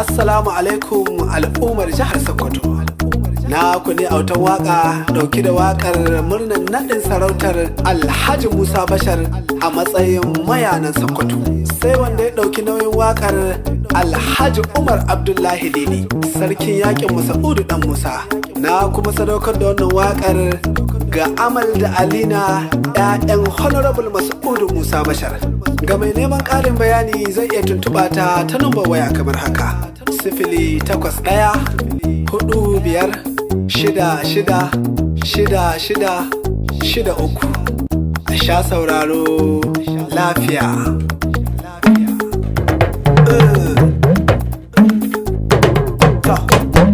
Assalamu alaikum al'ummar jihar Sokoto. Na ku ne autan waka dauki da wakar murnar nadin sarautar Alhaji Musa Bashar a matsayin mayanan Sokoto. Sai wanda ya dauki nauyin wakar Alhaji Umar Abdullahi Lili, sarkin yakin Masa'udu dan Musa. Na kuma sadaukar da wannan wakar ga Amal da Alina 'ya'yan Honorable Masa'udu Musa Bashar. Ga mai neman ƙarin bayani zai iya tuntuɓa ta ta waya kamar haka. Sifili takwas ɗaya, hudu biyar, shida shida, shida shida, shida uku. A sha sauraro lafiya.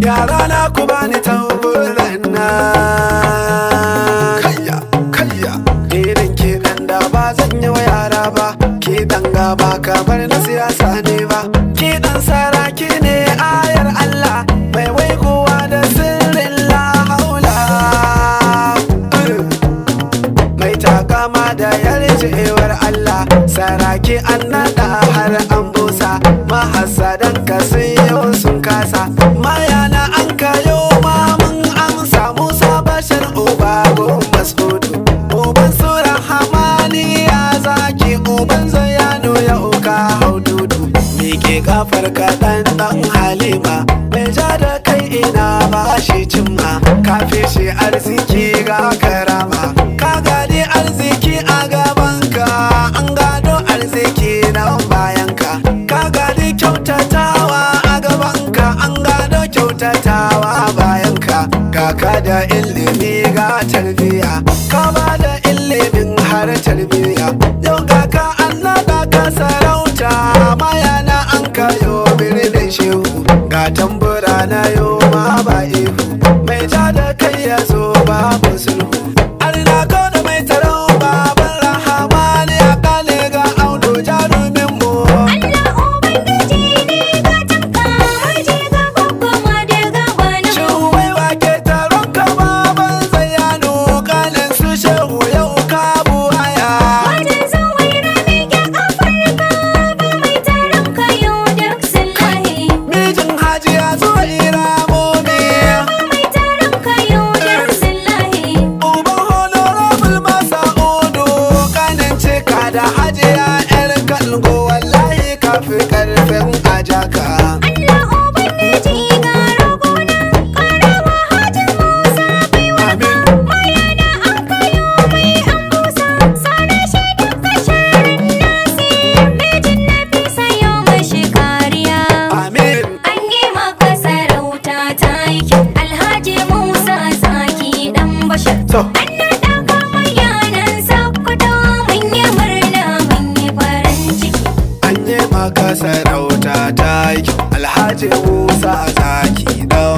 Yara na ku bani tamburin na. gotta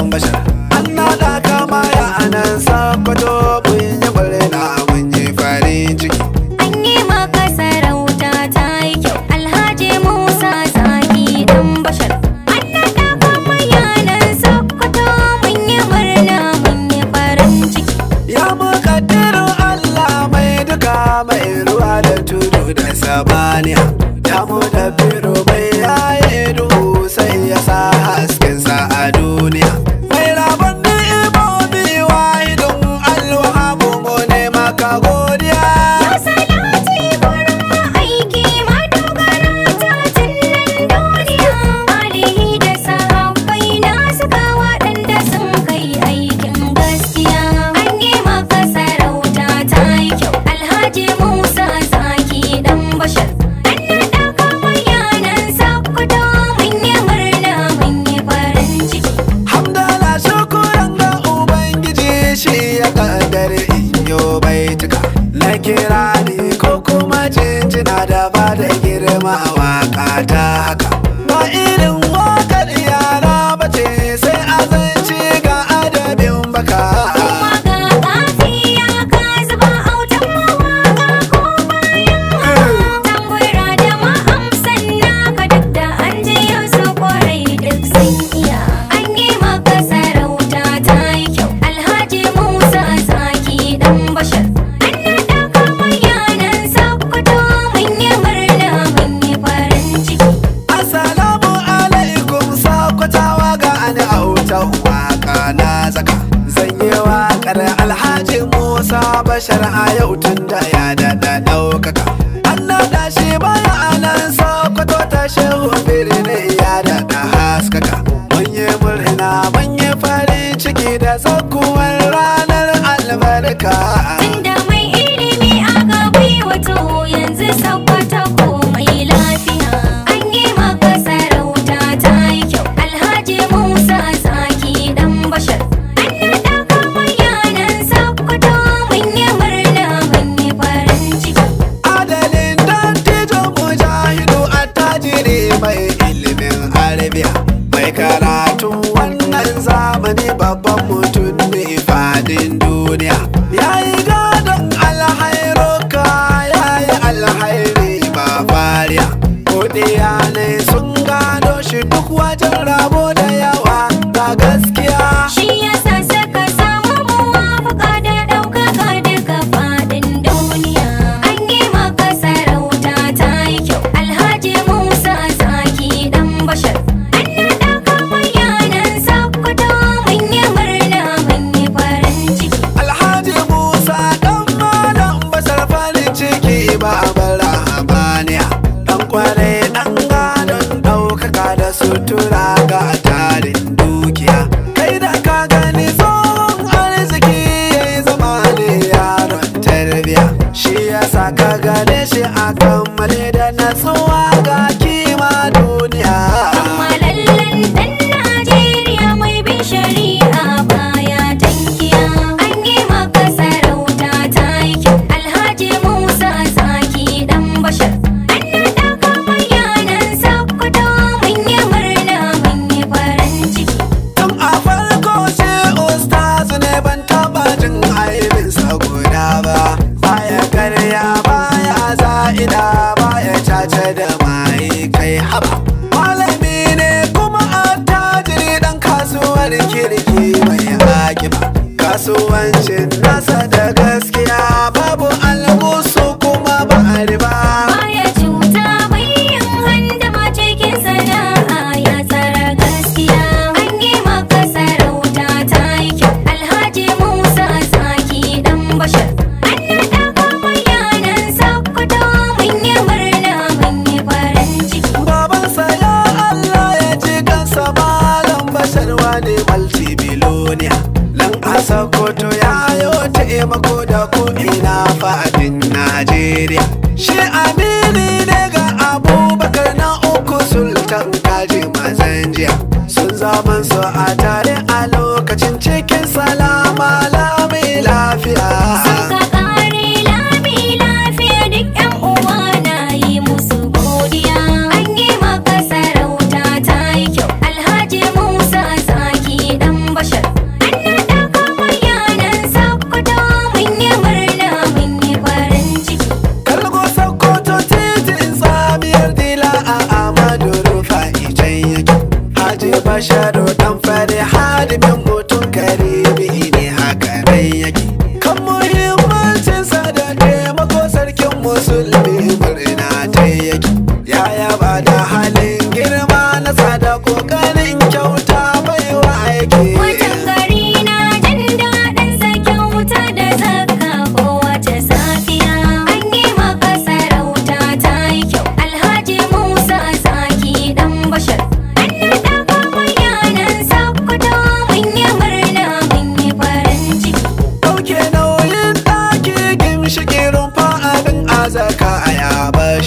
안 가잖아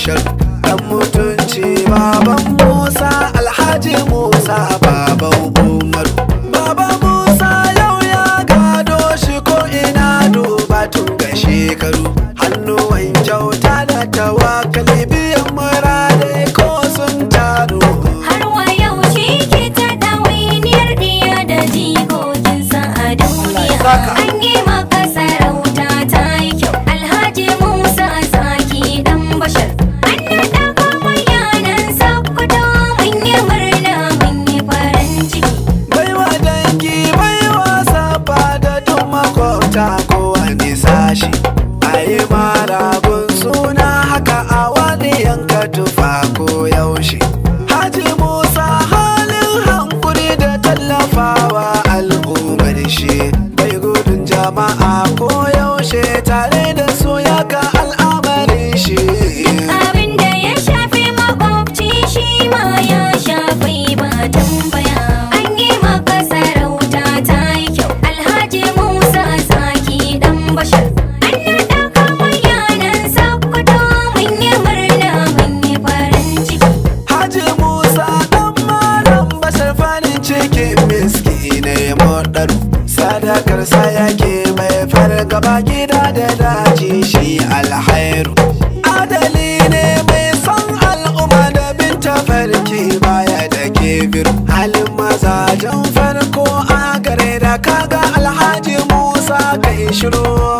special. Energy. kare da kaga alhaji musa kai shiru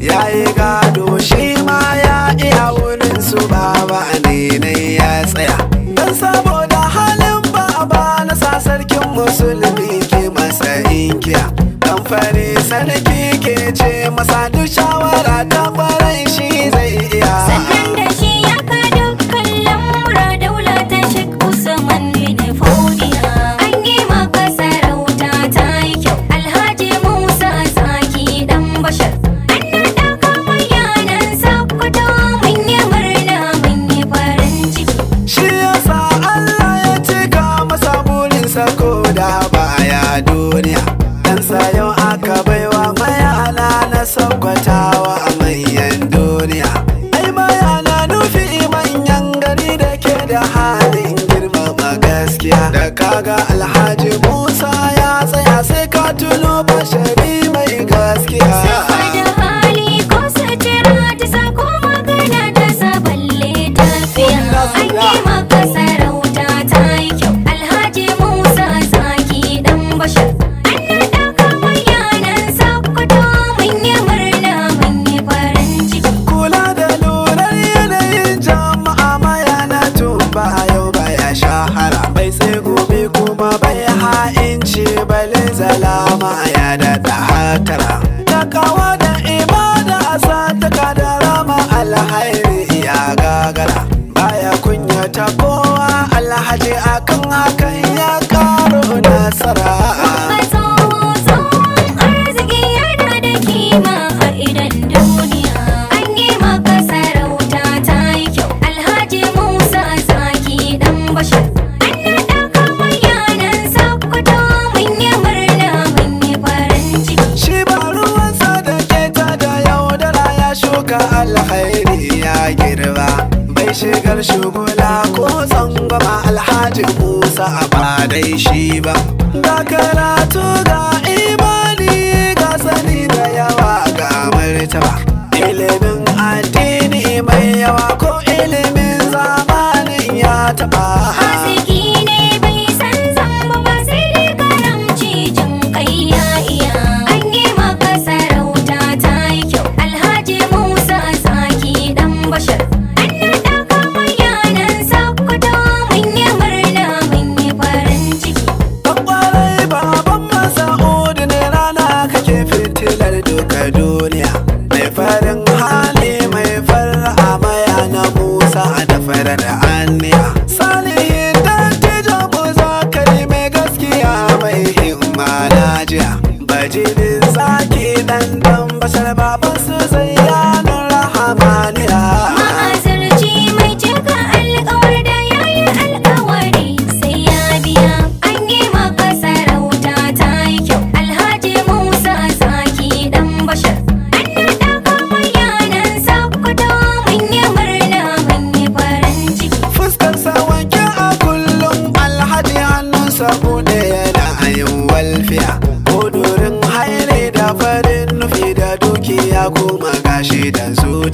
iya ya yi gado shi ma ya iya wurin su baba ne ya tsaya don saboda halin baba na sa sarkin musulmi ke masa inkiya kamfani sarki ke ce masa duk kaga alhaji musa ya tsaya sai ka tuno I come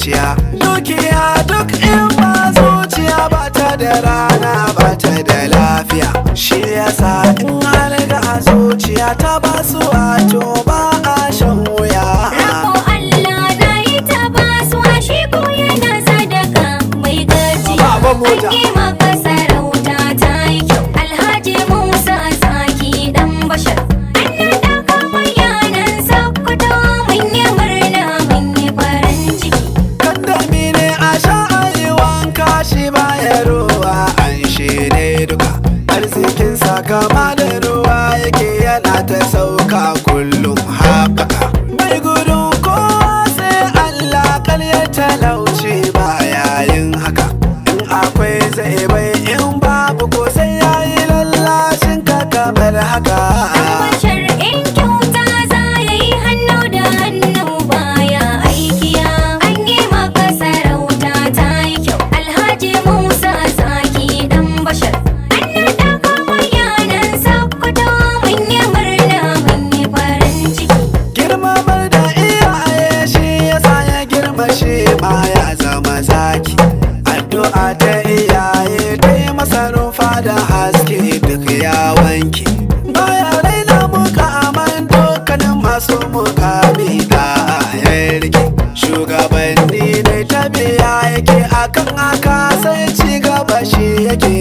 zuciya dukiya duk in ba zuciya ba ta da rana ba ta da lafiya shi yasa in har ga zuciya ta la te sau shugabanni dai tabiya yake akan haka sai ci gaba shi yake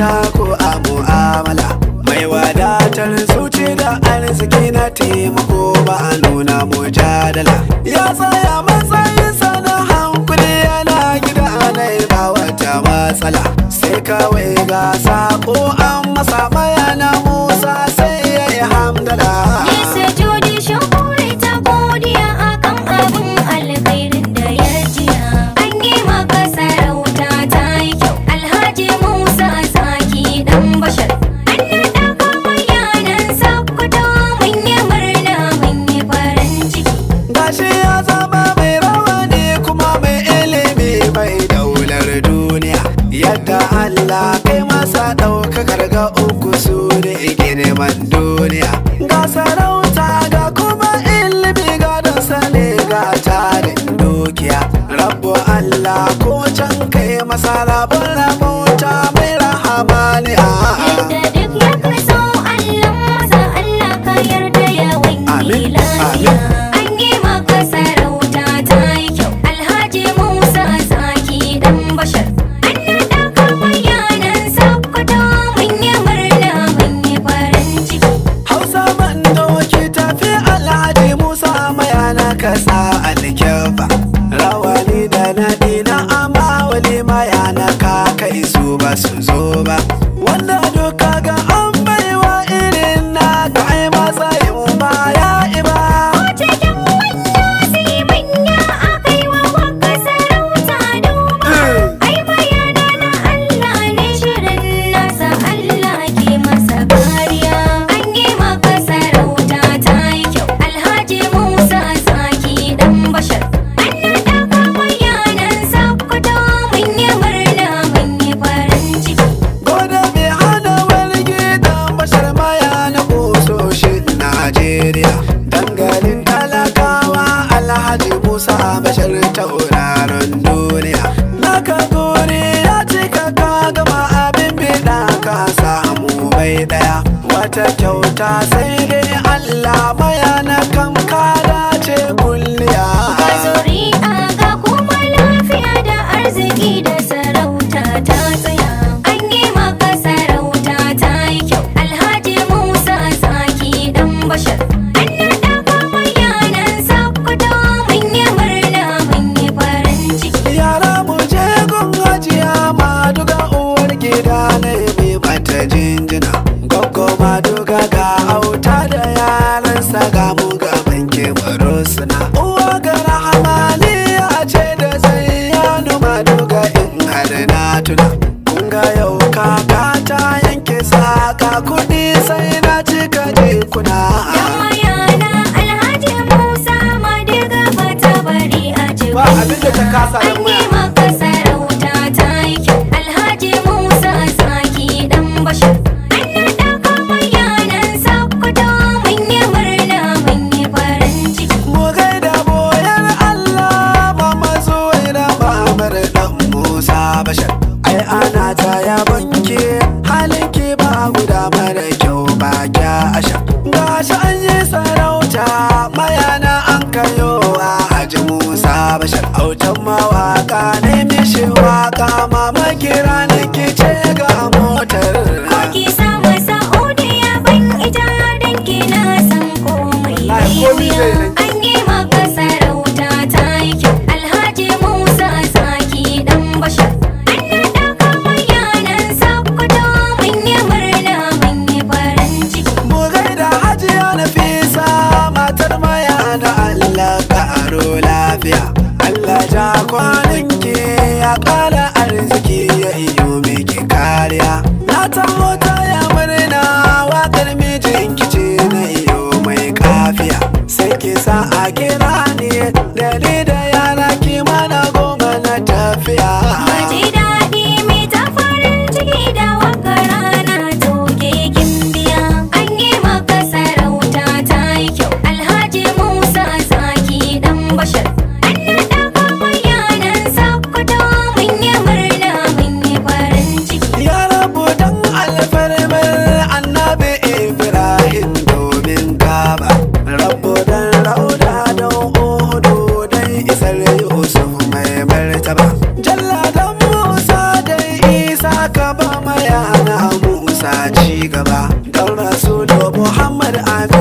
mata ko a mu'amala mai wadatar zuci da arziki na taimako ba a nuna mujadala ya tsaya bola mun mai rahama ne a kwanan ke ya ƙara arziki ya iyo miki kariya na taho mota ya murna wakar mijin kice na iyo mai kafiya sai ke sa a kira sa ci gaba don rasulu muhammad amin